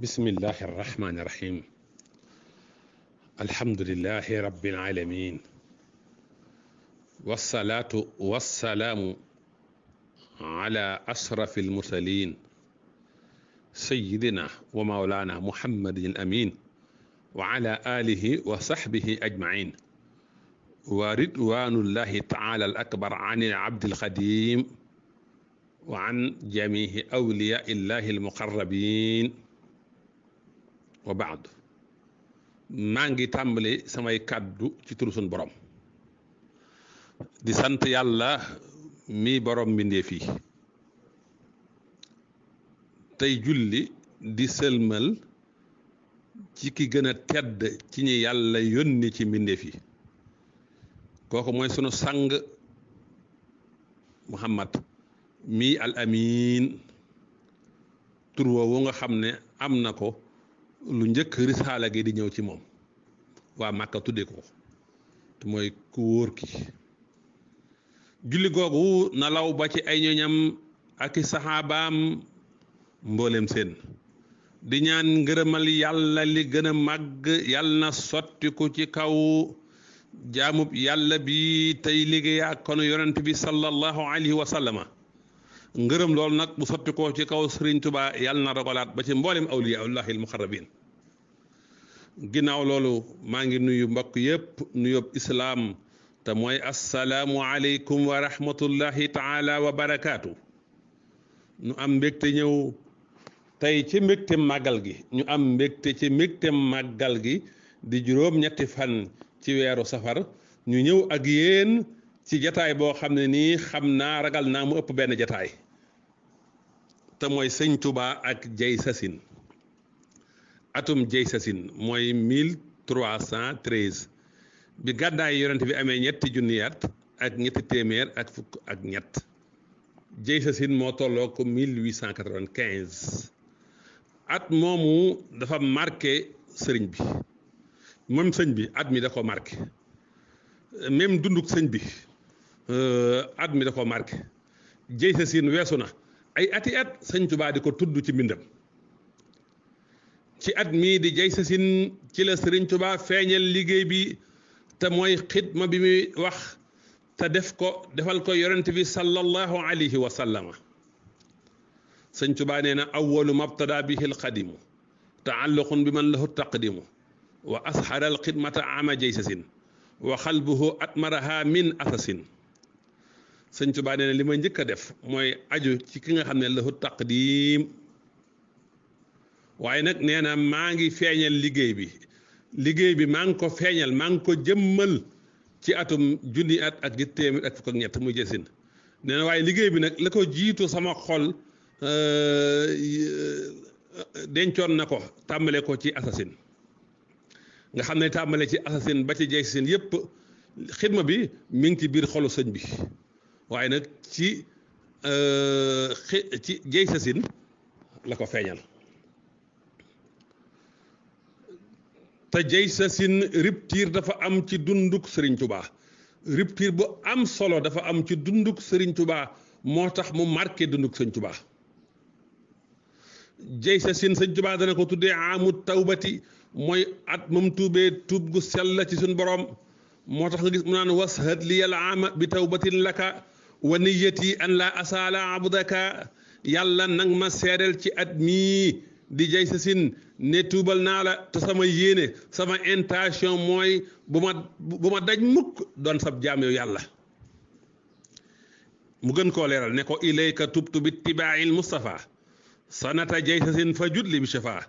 bismillahi irrahmani irrahim alhamdulilahi rabbil alamin wasalaatu wasalaamu ala ashrafi almursalin sayidina wa maulana muhammadin al amin wa ala alihi wa sahbihi ajmain wa ridwanullahi taala al akbar an abdil xadim wa an jamihi awliya illahi almuqarrabin maa ngi tàmbali samay kàddu ci turu sunu borom di sant yàlla mi borom mbindéef yi tey julli di sëlmal ci ki gën a tedd ci ñi yàlla yónni ci mbindéef yi kooku mooy sunu sang Muhammad mi al amin tur woowu nga xam ne am na ko. lu njëkk risaala gi di ñëw ci moom waa Màkka tuddee ko te mooy ku wóor ki julli googu na law ba ci ay ñoñam ak i saxaabaam mboolem seen di ñaan ngërëmal yàlla li gën a màgg yàlla na sottiku ci kaw jaamub yàlla bi tey liggéey ak konu yonent bi sallallahu alayhi wa ngërëm loolu nag bu sotti ci kaw Serigne tubaa yàlla na rogalaat ba ci mboolem awliya ullahi almuqarrabin ginnaaw loolu maa ngi nuyu mbokk yépp nuyoob islaam te mooy asalaamu aleykum wa rahmatullahi taala barakaatu ñu am mbégte ñëw tey ci mbégte màggal gi ñu am mbégte ci mbégte màggal gi di juróom ñetti fan ci weeru safar ñu ñëw ak yéen ci jataay boo xam ne nii xam naa ragal naa mu ëpp benn jataay te mooy sëñ tubaa ak jay sasin atum jay sasin mooy cent 1313 bi gàddaay yonent bi amee ñetti junniyaat ak ñetti téeméer ak fukk ak ñett jay sasin moo tolloo ko 1895 at moomu dafa marqué sëriñ bi moom sëñ bi at mi da ko marqué même dunduk sëñ bi Euh, at mi da koo marqué jëy weesu na ay ati at sëñ Tuubaa di ko tudd ci mbindam ci at mii di jëy sa siin ci la sëriñ Tuubaa feeñal liggéey bi te mooy xidma bi muy wax te def ko defal ko yonent bi sallallahu alayhi wa sallama sëñ Tuubaa nee na awwalu mabtada bihi alqadimu taalluqun bi man lahu taqdimu wa asxara alxidmata ama jëy wa xalbuhu atmaraha min asasin sëñ Tuubaa nee na li ma njëkk a def mooy aju ci ki nga xam ne lahu taqdim waaye nag nee na maa ngi feeñal liggéey bi liggéey bi maa ngi ko feeñal maa ngi ko jëmmal ci atum junni at ak ñi téeméer ak fukk ak ñett muy jësin nee na waaye liggéey bi nag la ko jiitu sama xol euh, dencoon na ko tàmbale ko ci assasine nga xam ne tàmbale ci assasine ba ci jësin yépp xidma bi mi ngi ci biir xolu sëñ bi waaye nag ci euh, ci jey sasin la ko feeñal te jey sasin rupture dafa am ci dunduk Serigne Touba rupture bu am solo dafa am ci dunduk Serigne Touba moo tax mu marqué dunduk Serigne Touba jey sasin Serigne Touba dana ko tuddee amut tawbati mooy at moom tuubee tuub gu sell ci suñ boroom moo tax nga gis mu naan was hët li yàlla ama bi tawbatin laka wa niyati an la asaala abdaka yàlla nang ma seedeel ci at mii di jay sa sin ne tuubal naa la te sama yéene sama intention mooy bu ma bu ma daj mukk doon sab jaam yow yàlla mu gën koo leeral ne ko ilayka tubtu bi tibaayil Mustafa sanata jay sa sin fa judli bi shafa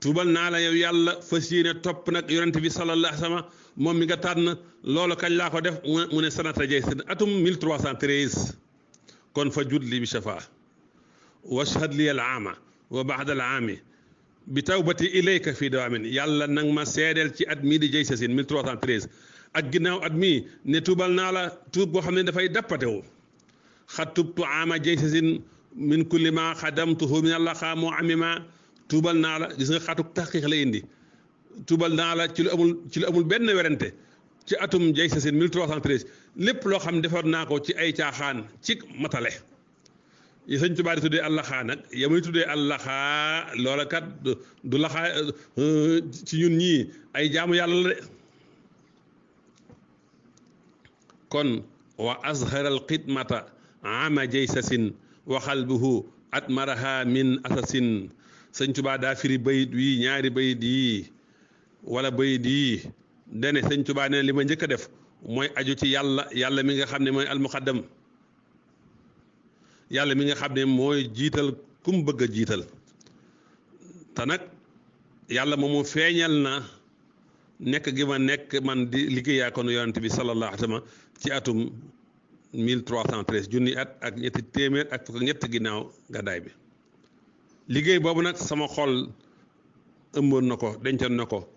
tuubal naa la yow yàlla fas yéene topp nag yonent bi sallallahu alayhi wa moom mi nga tànn loolu kañ laa ko def mu ne sanata jay sin atum 1313 kon fa jud li bi shafaa washhad li al aama wa baada al aami bi tawbati ilayka fii dawaamin yàlla nag ma seedeel ci at mii di jay sa sin 1313 ak ginnaaw at mii ne tuubal naa la tuub boo xam ne dafay dappatewu xat tubtu aama jay sa sin min kulli ma xadamtuhu min allah xaa moo ami ma tuubal naa la gis nga xatuk taqiq la indi tuubal naa la ci lu amul benn werante ci atum jay sa seen lépp loo xam defar naa ko ci ay caaxaan ci matale yi sëñ Tuubaa di tuddee ya muy tuddee àllaxaa loola kat du laxaa euh, ci ñun ñii ay jaamu yàlla la de kon wa azharal xidmata ama jay sa sin wa xalbuhu atmaraha min asasin sëñ Tuubaa daa firi bayit wi ñaari bayit yi wala bay di dane sëñ Tuubaa nee li ma njëkk a def mooy aju ci yàlla yàlla mi nga xam ne mooy almuqaddam yàlla mi nga xam ne mooy jiital kum bëgg a jiital te nag yàlla moomu feeñal na nekk gi ma nekk man di liggéeyaa ko nu yonent bi sallallahu alayhi wa sallam ci atum 1313 junni at ak ñetti téeméer ak fukk ñett ginnaaw gàddaay bi liggéey boobu nag sama xol ëmboon na ko dencoon na ko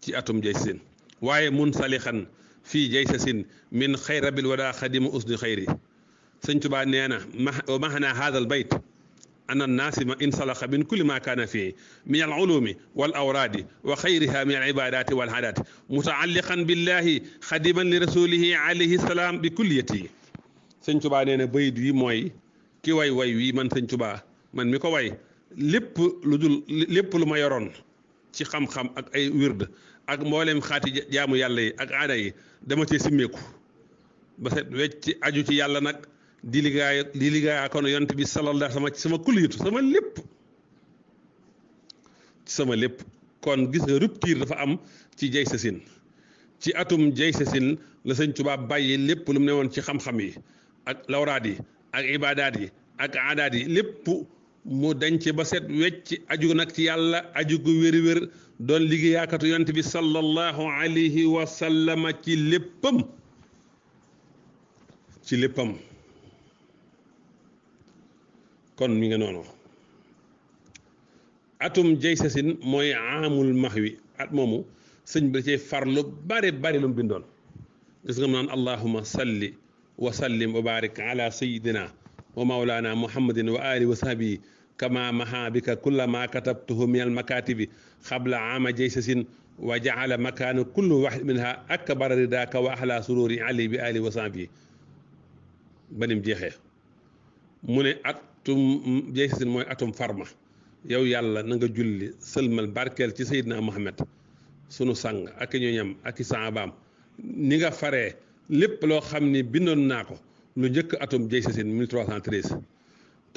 ci atum jaysin waaye mun salixan fii jaysasin min xayrabil wada xadima usni xayri sëñ Tuubaa nee na wa maxnaa haadal bayt ana naasima in salaxa min kulli ma kaana fii min al ulumi wal awraadi wa xayriha min al ibadaati wal aadaati mutaalliqan billahi xadiman li rasulihi alayhi bi kulliyati sëñ Tuubaa nee na wi mooy ki way way wi man sëñ Tuubaa man mi ko way lépp lu ma yoroon ci xam ak ay wird ak mboolem xaati jaamu yàlla yi ak aada yi dama cee simmeeku ba set wecc aju ci yàlla nag di liggéey di liggéeyaa kon yont bi sallallahu sama ci sama kulliitu sama lépp sama lépp kon gis nga rupture dafa am ci jay sa sin ci atum jay sa sin la sëñ Tuubaa bàyyi lépp lu mu ne woon ci xam-xam yi ak lawraat yi ak ibaadaat yi ak aadaat yi lépp mu denc ba set wecc aju nag ci yàlla aju gu wér-wér doon liggéeyaakatu yonent bi sallallahu alayhi wa sallama ci léppam ci léppam kon mi nga noonu atum jaysasin mooy aamul max wi at moomu sëñ bi da cee farlu bari bari lu mu bindoon gis nga mu naan allahuma salli wa sallim wa barik ala sayidina wa maulana muhammadin wa ali wa sahbihi kama maha bika kulla ma katabtuhu min al makatibi xabla ama jaysasin wa jaala makaana kulli waxid minha akbara ridaaka wa axla sururi ali bi ali wa sahbi banim jeexee mu ne atum jaysasin mooy atum farma yow yàlla na nga julli sëlmal barkeel ci Seydina Muhammad sunu sang ak i ñoñam ak i saabaam ni nga faree lépp loo xam ni bindoon naa ko lu njëkk atum jaysasin 1313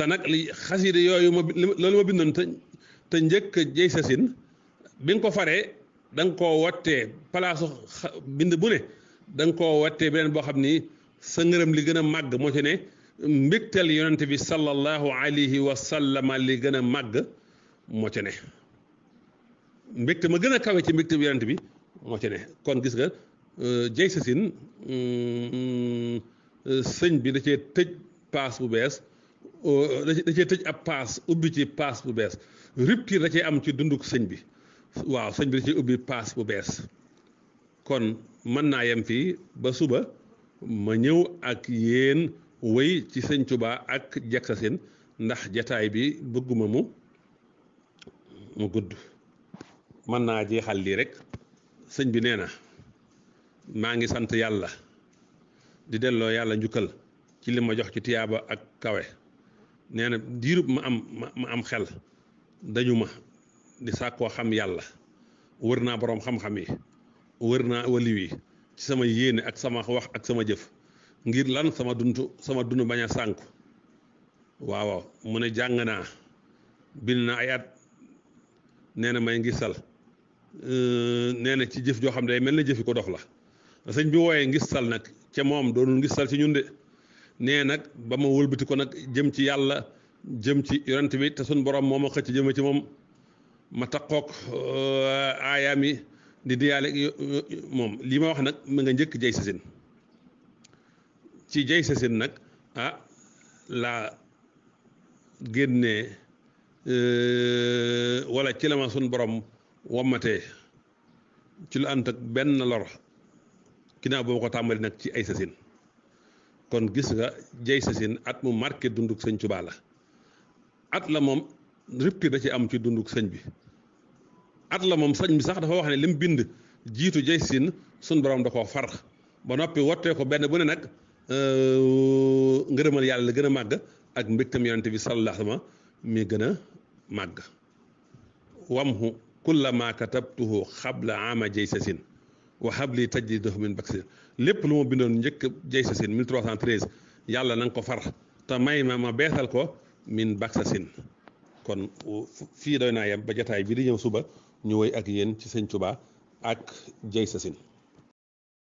te nag li xasida yooyu ma loolu ma bindoon te te njëkk jëy sasin bi nga ko faree danga nga koo wattee palaasu bind bu ne da nga koo wattee beneen boo xam ni sa ngërëm li gën a màgg moo ci ne mbégteel yonent bi sallallahu alayhi wa sallama li gën a màgg moo ci ne mbégte ma gën a kawe ci mbégte yonent bi moo ci ne kon gis nga euh, jëy mm, mm, sëñ bi da cee tëj paas bu bees da cee tëj ab paas ubbi ci paas bu bees rupture da cee am ci dunduk sëñ bi waaw sëñ bi da cee ubbi paas bu bees kon mën naa yem fii ba suba ma ñëw ak yéen wéy ci sëñ Tuubaa ak Diakha Sène ndax jataay bi bëgguma mu mu gudd mën naa jeexal lii rek sëñ bi nee na maa ngi sant yàlla di delloo yàlla njukkal ci li ma jox ci tiyaaba ak kawe nee na diirub ma am ma am xel dañu ma di sàkkoo xam yàlla wër naa boroom xam-xam yi wër naa waliw yi ci sama yéene ak sama wax ak sama jëf ngir lan sama duntu sama dund bañ a sànku waaw waaw mu ne jàng naa bind na ay at nee na may ngisal sal euh, na ci jëf joo xam ne day mel na jëfi ko dox la sëñ bi wooyee ngisal nag ca moom doonul ngisal ci ñun de nee nag ba ma wëlbati ko nag jëm ci yàlla jëm ci yonent bi te suñ borom moo ma xëcc a ci moom ma taqoog euh, aayaam yi di diyaale moom lii ma wax nag ma nga njëkk jay sasin ci jay sasin nag ah laa génnee euh, walla ci la ma suñ borom wammatee ci lu ànd ak benn lor ginnaaw boobu ko tàmbali nag ci ay sasin kon gis nga jey sa sin at mu marqué dunduk sëñ Tuubaa la at la moom rupture da ci am ci dunduk sëñ bi at la moom sañ bi sax dafa wax ne lim bind jiitu jey sin sun borom da koo far ba noppi wottee ko benn bu ne nag euh, ngërëmal yàlla la gën a màgg ak mbégtam yonente bi sallallahu alayhi mi gën a màgg wamhu kulla ma katabtuhu xabla ama jey sa sin wa habli tajdidahu min baksin lépp lu ma bindoon njëkk jay sa sin 1313 yàlla na ko far te may ma ma beesal ko min baksa sin kon fii doy naa yem ba jataay bi di ñëw suba ñu woy ak yéen ci sëñ Tuubaa ak jay sa sin